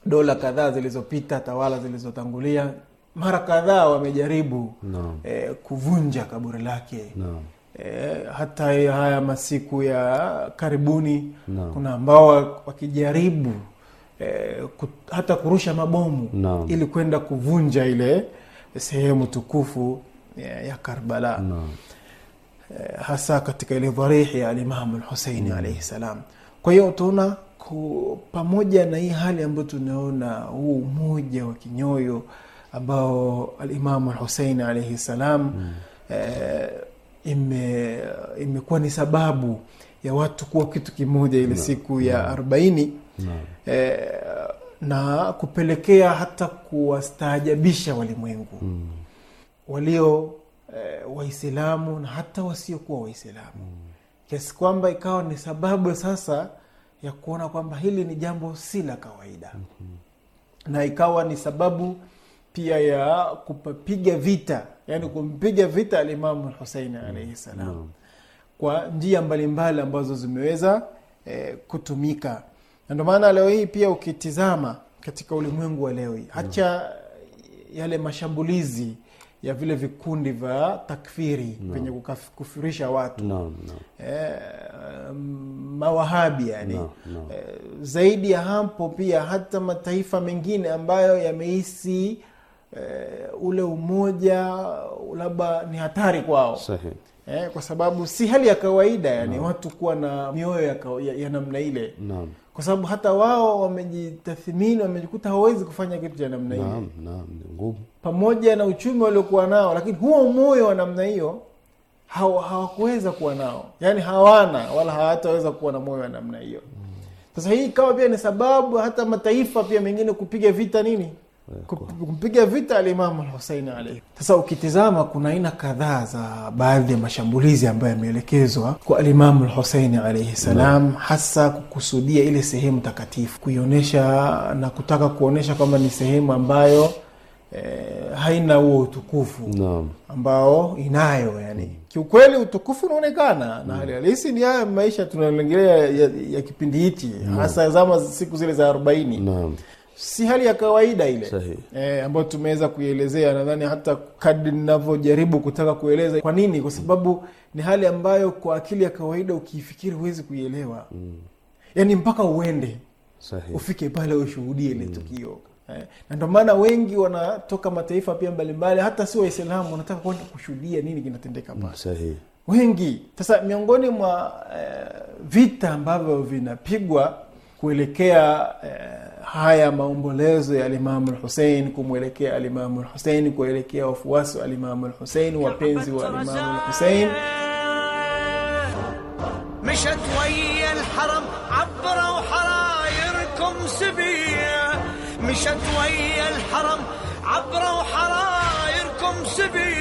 dola kadhaa zilizopita, tawala zilizotangulia mara kadhaa wamejaribu no. eh, kuvunja kaburi lake no. eh, hata haya masiku ya karibuni no. kuna ambao wakijaribu eh, kut, hata kurusha mabomu no. ili kwenda kuvunja ile sehemu tukufu ya Karbala no. Eh, hasa katika ile dharihi ya Alimamu Lhuseini no. Mm. alaihi salam. Kwa hiyo utaona pamoja na hii hali ambayo tunaona huu umoja wa kinyoyo ambao Alimamu Lhuseini alaihi salam mm. eh, ime imekuwa ni sababu ya watu kuwa kitu kimoja ile no. siku ya arobaini no. eh, na kupelekea hata kuwastaajabisha walimwengu mm walio eh, Waislamu na hata wasiokuwa Waislamu mm. kiasi kwamba ikawa ni sababu sasa ya kuona kwamba hili ni jambo si la kawaida mm -hmm. na ikawa ni sababu pia ya kupiga vita, yani mm. kumpiga vita Alimamu Husein alaihi salam mm kwa njia mbalimbali ambazo zimeweza eh, kutumika, na ndio maana leo hii pia ukitizama katika ulimwengu wa leo hii mm. hacha yale mashambulizi ya vile vikundi vya takfiri no. vyenye kukufurisha watu no, no. E, mawahabi yani no, no. E, zaidi ya hapo pia hata mataifa mengine ambayo yamehisi e, ule umoja labda ni hatari kwao E, kwa sababu si hali ya kawaida yani no. watu kuwa na mioyo ya, ya, ya namna ile no kwa sababu hata wao wamejitathimini, wamejikuta hawawezi kufanya kitu cha namna hiyo. Naam, ngumu, pamoja na uchumi waliokuwa nao, lakini huo moyo wa namna hiyo hawakuweza kuwa nao, yaani hawana wala hawataweza kuwa na moyo wa namna hiyo. Sasa hii ikawa pia ni sababu hata mataifa pia mengine kupiga vita nini kumpiga vita alimamu Alhusein alaihi. Sasa ukitizama kuna aina kadhaa za baadhi ya mashambulizi ambayo yameelekezwa kwa alimamu lhuseini alaihi salam, hasa kukusudia ile sehemu takatifu, kuionyesha na kutaka kuonyesha kwamba ni sehemu ambayo e, haina huo utukufu no. ambao inayo yani. Kiukweli utukufu unaonekana na hali halisi ni haya maisha tunalengelea ya, ya, kipindi hichi hasa zama siku zile za arobaini no si hali ya kawaida ile e, ambayo tumeweza kuielezea. Nadhani hata kadi ninavyojaribu kutaka kueleza kwa nini, kwa sababu ni hali ambayo kwa akili ya kawaida ukiifikiri huwezi kuielewa mm. Yaani mpaka uende sahi. ufike pale ushuhudie ile mm. tukio eh, na ndio maana wengi wanatoka mataifa pia mbalimbali, hata si Waislamu wanataka kwenda kushuhudia nini kinatendeka pale wengi. Sasa miongoni mwa eh, vita ambavyo vinapigwa kuelekea eh, haya maombolezo ya alimamu lhusein kumwelekea alimamu lhusein kuelekea wafuasi wa alimamu lhusein wapenzi wa alimamu lhusein مشت ويا الحرم عبروا حرايركم سبية مشت ويا الحرم عبروا حرايركم سبية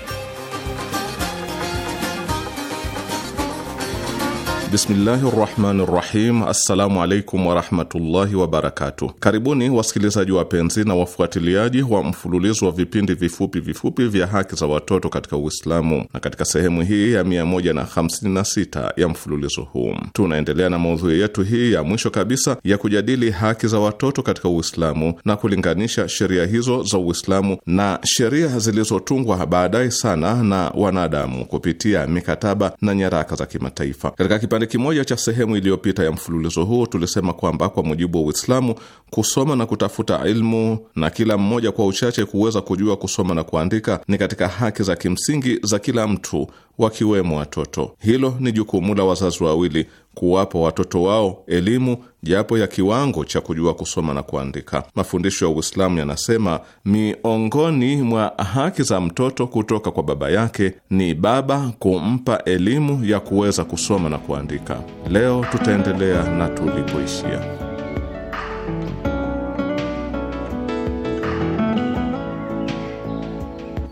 Bismillahi rahmani rahim. Assalamu alaikum warahmatullahi wabarakatu. Karibuni wasikilizaji wapenzi na wafuatiliaji wa mfululizo wa vipindi vifupi vifupi vya haki za watoto katika Uislamu, na katika sehemu hii ya 156 ya mfululizo huu tunaendelea na maudhui yetu hii ya mwisho kabisa ya kujadili haki za watoto katika Uislamu na kulinganisha sheria hizo za Uislamu na sheria zilizotungwa baadaye sana na wanadamu kupitia mikataba na nyaraka za kimataifa katika Kipande kimoja cha sehemu iliyopita ya mfululizo huo tulisema kwamba kwa mujibu wa Uislamu, kusoma na kutafuta ilmu na kila mmoja kwa uchache kuweza kujua kusoma na kuandika ni katika haki za kimsingi za kila mtu, wakiwemo watoto. Hilo ni jukumu la wazazi wawili kuwapa watoto wao elimu japo ya kiwango cha kujua kusoma na kuandika. Mafundisho ya Uislamu yanasema miongoni mwa haki za mtoto kutoka kwa baba yake ni baba kumpa elimu ya kuweza kusoma na kuandika. Leo tutaendelea na tulipoishia.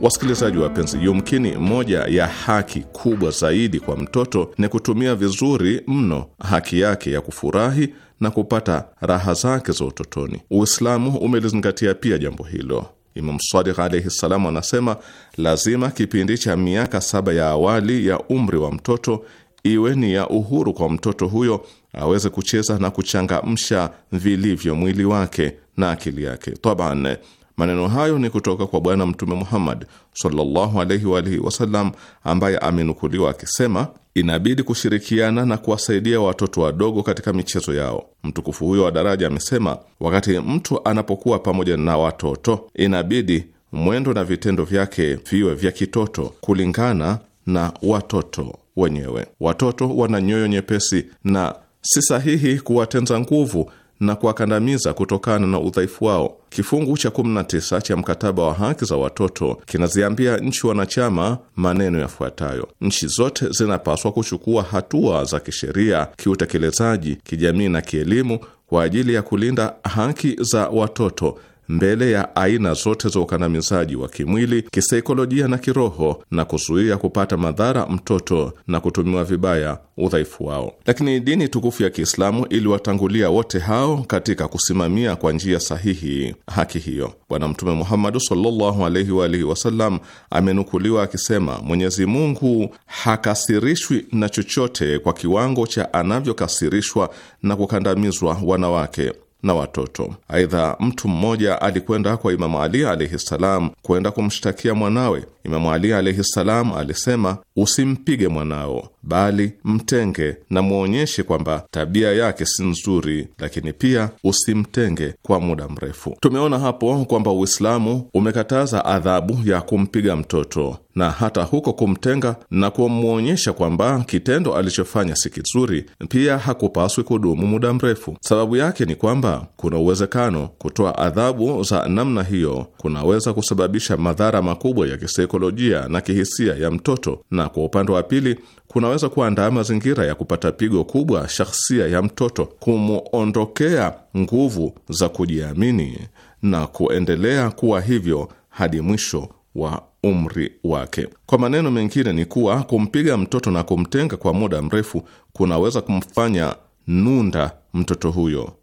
Wasikilizaji wapenzi, yumkini moja ya haki kubwa zaidi kwa mtoto ni kutumia vizuri mno haki yake ya kufurahi na kupata raha zake za utotoni. Uislamu umelizingatia pia jambo hilo. Imam Sadiq alaihi ssalam anasema lazima kipindi cha miaka saba ya awali ya umri wa mtoto iwe ni ya uhuru kwa mtoto huyo aweze kucheza na kuchangamsha vilivyo mwili wake na akili yake. Taban, Maneno hayo ni kutoka kwa Bwana Mtume Muhammad sallallahu alaihi wa alihi wasallam, ambaye amenukuliwa akisema, inabidi kushirikiana na kuwasaidia watoto wadogo katika michezo yao. Mtukufu huyo wa daraja amesema, wakati mtu anapokuwa pamoja na watoto, inabidi mwendo na vitendo vyake viwe vya kitoto kulingana na watoto wenyewe. Watoto wana nyoyo nyepesi na si sahihi kuwatenza nguvu na kuwakandamiza kutokana na udhaifu wao. Kifungu cha 19 cha mkataba wa haki za watoto kinaziambia nchi wanachama maneno yafuatayo: nchi zote zinapaswa kuchukua hatua za kisheria, kiutekelezaji, kijamii na kielimu kwa ajili ya kulinda haki za watoto mbele ya aina zote za ukandamizaji wa kimwili, kisaikolojia na kiroho, na kuzuia kupata madhara mtoto na kutumiwa vibaya udhaifu wao. Lakini dini tukufu ya Kiislamu iliwatangulia wote hao katika kusimamia kwa njia sahihi haki hiyo. Bwana Mtume Muhammad sallallahu alaihi wa alihi wasallam amenukuliwa akisema, Mwenyezi Mungu hakasirishwi na chochote kwa kiwango cha anavyokasirishwa na kukandamizwa wanawake na watoto. Aidha, mtu mmoja alikwenda kwa Imamu Ali alaihi ssalam kwenda kumshtakia mwanawe. Imamu Ali alaihi ssalam alisema, usimpige mwanao, bali mtenge na mwonyeshe kwamba tabia yake si nzuri, lakini pia usimtenge kwa muda mrefu. Tumeona hapo kwamba Uislamu umekataza adhabu ya kumpiga mtoto na hata huko kumtenga na kumwonyesha kwamba kitendo alichofanya si kizuri, pia hakupaswi kudumu muda mrefu. Sababu yake ni kwamba kwamba kuna uwezekano kutoa adhabu za namna hiyo kunaweza kusababisha madhara makubwa ya kisaikolojia na kihisia ya mtoto, na kwa upande wa pili kunaweza kuandaa mazingira ya kupata pigo kubwa shahsia ya mtoto, kumwondokea nguvu za kujiamini na kuendelea kuwa hivyo hadi mwisho wa umri wake. Kwa maneno mengine, ni kuwa kumpiga mtoto na kumtenga kwa muda mrefu kunaweza kumfanya nunda mtoto huyo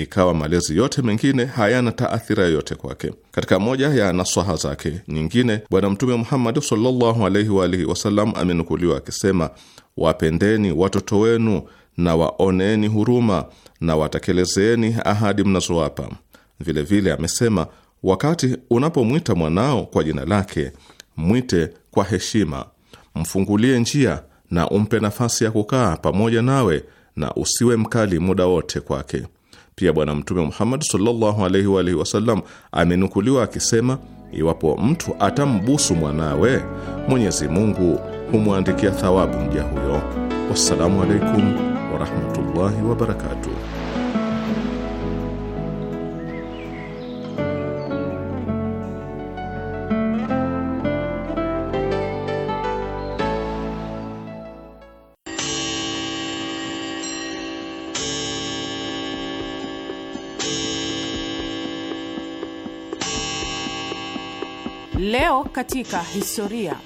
ikawa malezi yote mengine hayana taathira yoyote kwake. Katika moja ya naswaha zake nyingine, Bwana Mtume Muhammadi sallallahu alaihi wa alihi wasallam amenukuliwa akisema, wapendeni watoto wenu na waoneeni huruma na watekelezeni ahadi mnazowapa. Vilevile amesema, wakati unapomwita mwanao kwa jina lake, mwite kwa heshima, mfungulie njia na umpe nafasi ya kukaa pamoja nawe, na usiwe mkali muda wote kwake. Pia Bwana Mtume Muhammad sallallahu alaihi wa alihi wasallam amenukuliwa akisema, iwapo mtu atambusu mwanawe, Mwenyezi Mungu humwandikia thawabu mja huyo. Wassalamu alaikum warahmatullahi wabarakatuh. Leo katika historia.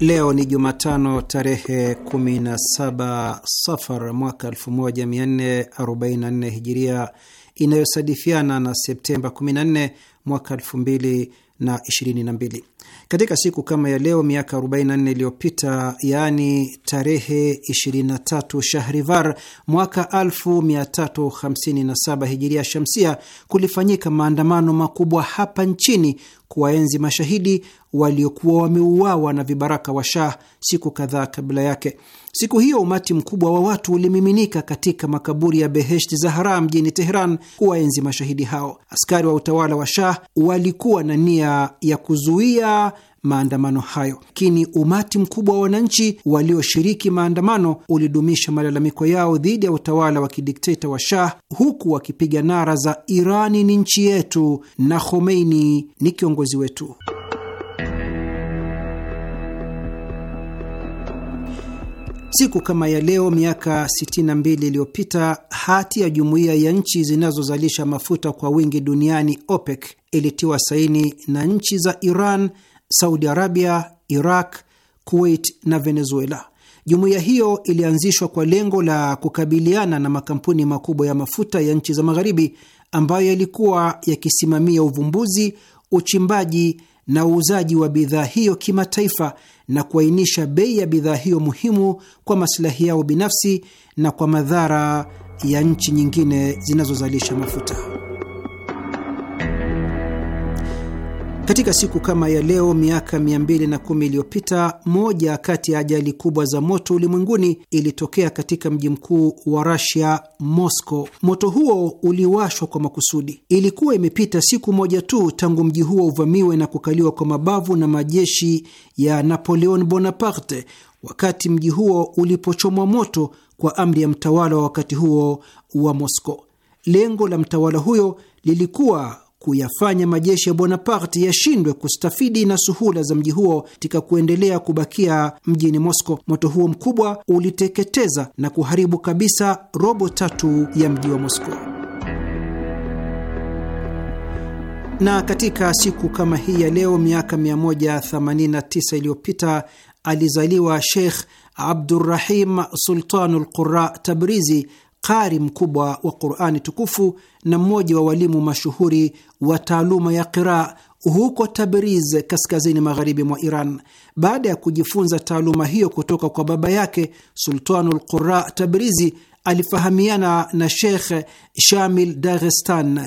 Leo ni Jumatano tarehe 17 Safar mwaka 1444 Hijiria, inayosadifiana na Septemba 14 mwaka 2022. Katika siku kama ya leo miaka 44 iliyopita, yaani tarehe 23 Shahrivar mwaka 1357 hijiria shamsia, kulifanyika maandamano makubwa hapa nchini kuwaenzi mashahidi waliokuwa wameuawa na vibaraka wa Shah siku kadhaa kabla yake. Siku hiyo umati mkubwa wa watu ulimiminika katika makaburi ya Beheshti Zahara mjini Teheran kuwaenzi mashahidi hao. Askari wa utawala wa Shah walikuwa na nia ya kuzuia maandamano hayo, lakini umati mkubwa wa wananchi walioshiriki maandamano ulidumisha malalamiko yao dhidi ya utawala wa kidikteta wa Shah, huku wakipiga nara za Irani ni nchi yetu na Khomeini ni kiongozi wetu. Siku kama ya leo miaka 62 iliyopita hati ya jumuiya ya nchi zinazozalisha mafuta kwa wingi duniani OPEC ilitiwa saini na nchi za Iran, Saudi Arabia, Iraq, Kuwait na Venezuela. Jumuiya hiyo ilianzishwa kwa lengo la kukabiliana na makampuni makubwa ya mafuta ya nchi za Magharibi ambayo yalikuwa yakisimamia uvumbuzi, uchimbaji na uuzaji wa bidhaa hiyo kimataifa na kuainisha bei ya bidhaa hiyo muhimu kwa masilahi yao binafsi na kwa madhara ya nchi nyingine zinazozalisha mafuta. Katika siku kama ya leo miaka 210 iliyopita, moja kati ya ajali kubwa za moto ulimwenguni ilitokea katika mji mkuu wa Russia, Moscow. Moto huo uliwashwa kwa makusudi. Ilikuwa imepita siku moja tu tangu mji huo uvamiwe na kukaliwa kwa mabavu na majeshi ya Napoleon Bonaparte, wakati mji huo ulipochomwa moto kwa amri ya mtawala wa wakati huo wa Moscow. Lengo la mtawala huyo lilikuwa kuyafanya majeshi ya Bonaparte yashindwe kustafidi na suhula za mji huo katika kuendelea kubakia mjini Moscow. Moto huo mkubwa uliteketeza na kuharibu kabisa robo tatu ya mji wa Moscow. Na katika siku kama hii ya leo miaka 189 iliyopita alizaliwa Sheikh Abdurrahim Sultanul Qura Tabrizi qari mkubwa wa Qurani tukufu na mmoja wa walimu mashuhuri wa taaluma ya qiraa huko Tabriz, kaskazini magharibi mwa Iran. Baada ya kujifunza taaluma hiyo kutoka kwa baba yake Sultanul Qura Tabrizi, alifahamiana na Sheikh Shamil Dagestan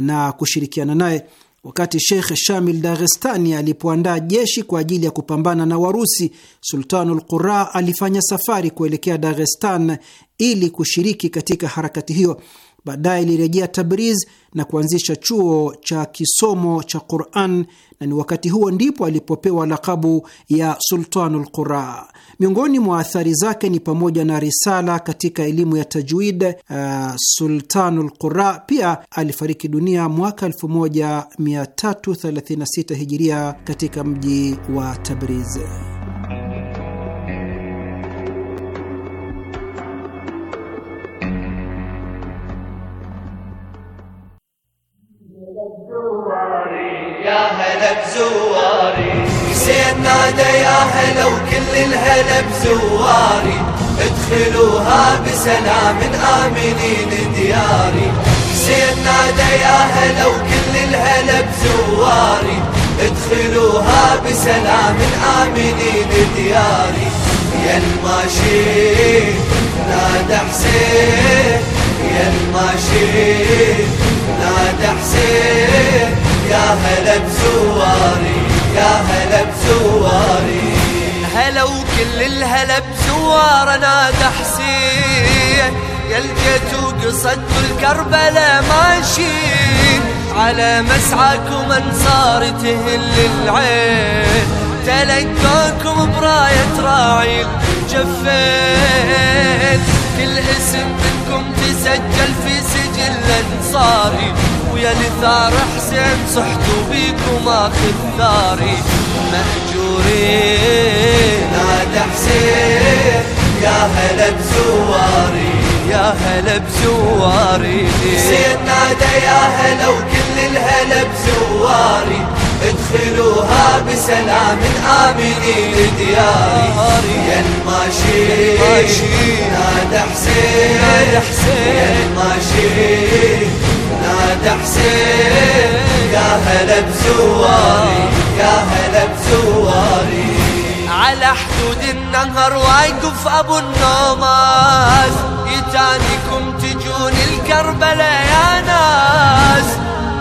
na kushirikiana naye Wakati Sheikh Shamil Dagestani alipoandaa jeshi kwa ajili ya kupambana na Warusi, ul Qura alifanya safari kuelekea Dagestan ili kushiriki katika harakati hiyo. Baadaye ilirejea Tabriz na kuanzisha chuo cha kisomo cha Quran na ni wakati huo ndipo alipopewa lakabu ya Sultanul Qura. Miongoni mwa athari zake ni pamoja na risala katika elimu ya tajwid uh, Sultanul Qura. Pia alifariki dunia mwaka 1336 hijiria katika mji wa Tabriz. يا هلا بزواري حسين نادى يا هلا وكل الهلا بزواري ادخلوها بسلام آمنين دياري حسين نادى يا هلا وكل الهلا بزواري ادخلوها بسلام آمنين دياري يا الماشي نادى حسين يا شيف نادى حسين يا هلا بزواري يا هلا بزواري هلا وكل الهلا بزوار نادى حسين يا الجيت وقصدت الكربلة ماشين على مسعاكم انصار تهل العين تلقاكم براية راعي الجفين كل اسم منكم سجل في سجل الانصاري ويا لثار حسين صحت بيكم اخذ ثاري مأجورين نادى حسين يا هلا بزواري يا هلا بزواري حسين نادى يا هلا وكل الهلا بزواري ادخلوها بسلام آمنين لدياري يا الماشي نادى حسين يا الماشي نادى حسين يا هلا بزواري يا هلا بزواري على حدود النهر واقف ابو النوماس يتانيكم تجون الكربلة يا ناس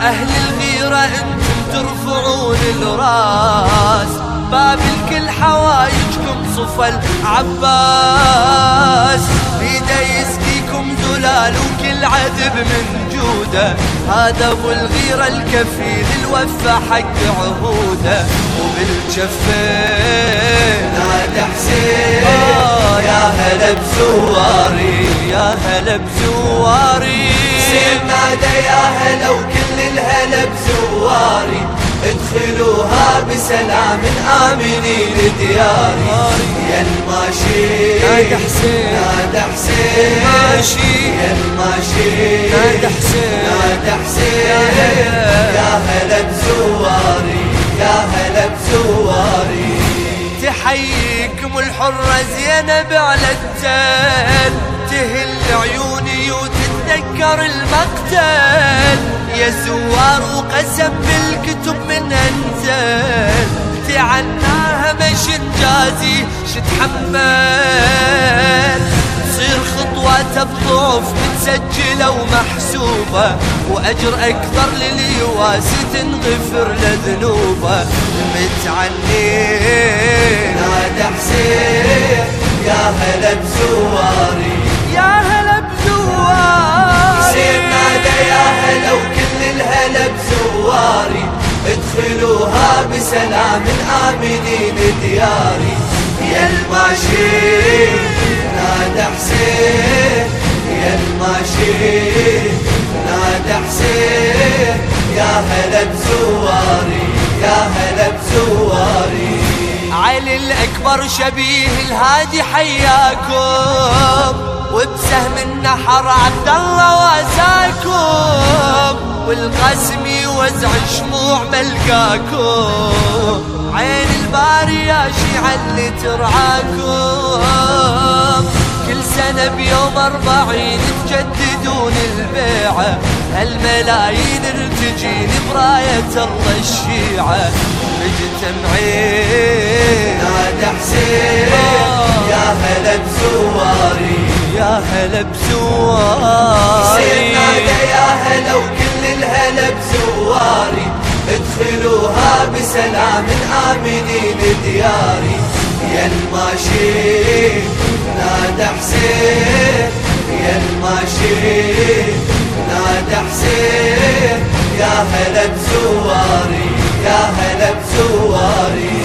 اهل الغيرة انتم ترفعون الراس باب الكل حوايجكم صفى العباس بيده يسقيكم دلال وكل عذب من جوده هذا ابو الغيره الكفيل الوفى حق عهوده وبالجفين لا حسين آه، يا هلا بزواري يا هلا بزواري العمادة يا هلا وكل الهلا بزواري ادخلوها بسلام آمنين لدياري يا الماشي نادى حسين نادى حسين ماشي يا الماشي نادى حسين نادى حسين يا هلا بزواري يا هلا بزواري تحييكم الحرة زينب على التل تهل عيوني ود تذكر المقتل يا زوار وقسم بالكتب من انزل تعناها مش انجازي شتحمل تصير خطوات بضعف متسجلة ومحسوبة وأجر أكثر للي تنغفر لذنوبه متعني نادى حسين يا هلا بزواري يا هلا بزواري يا هلا وكل الهلا بزواري ادخلوها بسلام آمنين دياري يا الماشي نادى حسين يا الماشي نادى حسين يا هلا بزواري يا هلا بزواري علي الأكبر شبيه الهادي حياكم وبسهم النحر عبد الله واساكم والقسم يوزع شموع ملقاكم عين الباري يا شيعة اللي ترعاكم كل سنة بيوم أربعين تجددون البيعة هالملايين ارتجين براية الله الشيعة مجتمعين نادى حسين يا هلا بزواري يا هلا بزواري سيدنا يا هلا وكل الهلا بزواري ادخلوها بسلام آمنين دياري يا الماشي نادى حسين يا الماشي نادى حسين يا هلا بزواري يا هلا بزواري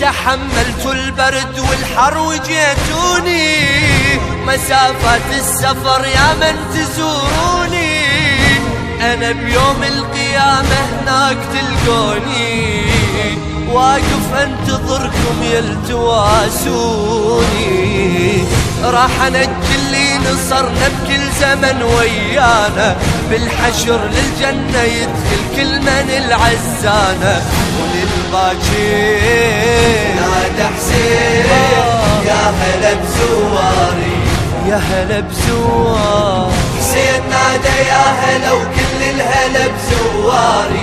تحملت البرد والحر وجيتوني مسافة السفر يا من تزوروني أنا بيوم القيامة هناك تلقوني واقف انتظركم يلتواسوني راح انجي اللي نصرنا بكل زمن ويانا بالحشر للجنة يدخل كل من العزانة وللباجي نادى حسين يا هلا بزواري يا هلا بزوار حسين نادى يا هلا وكل الهلا بزواري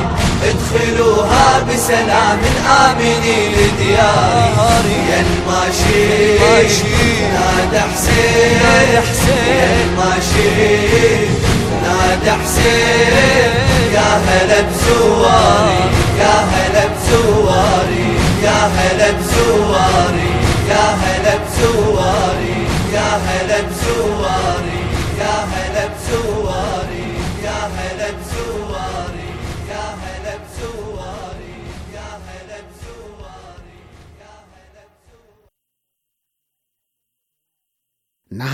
ادخلوها بسلام امنين لدياري يا الماشي نادى حسين يا الماشي نادى حسين يا هلا بزواري يا هلا بزواري يا هلا بزواري يا هلا بزواري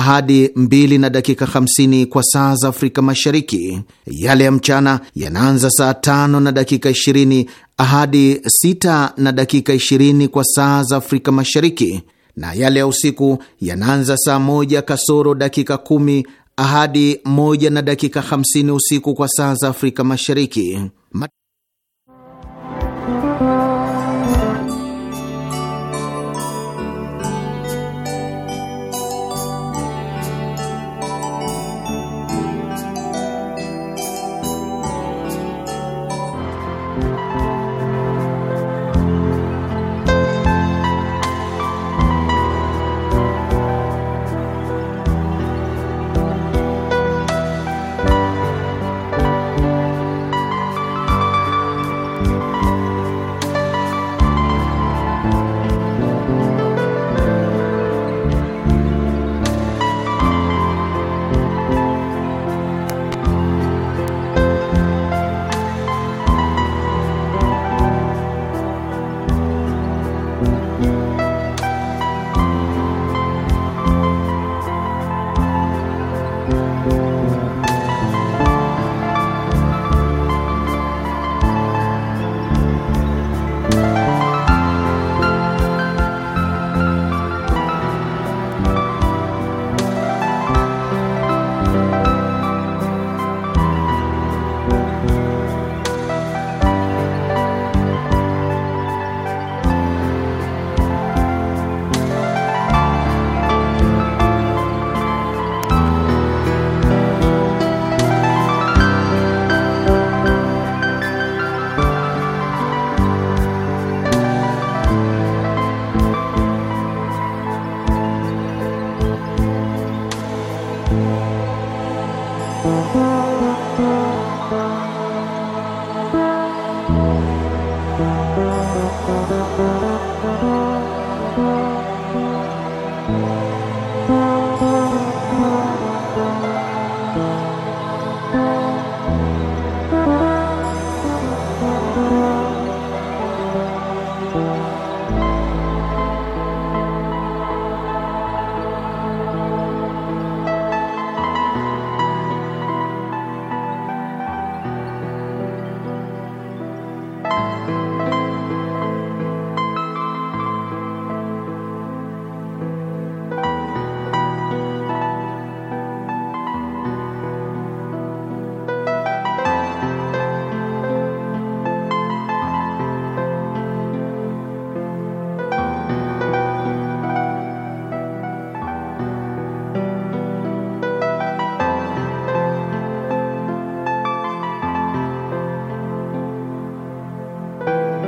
hadi 2 na dakika 50 kwa saa za Afrika Mashariki. Yale ya mchana yanaanza saa tano na dakika 20 hadi sita na dakika 20 kwa saa za Afrika Mashariki, na yale ya usiku yanaanza saa moja kasoro dakika kumi hadi moja na dakika hamsini usiku kwa saa za Afrika Mashariki.